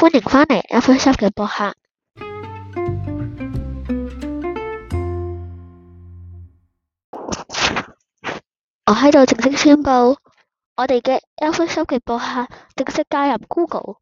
歡迎返嚟 As-Alvis shop 嘅播客。我喺度正式宣布，我哋嘅 As-Alvis shop 嘅播客正式加入 Google。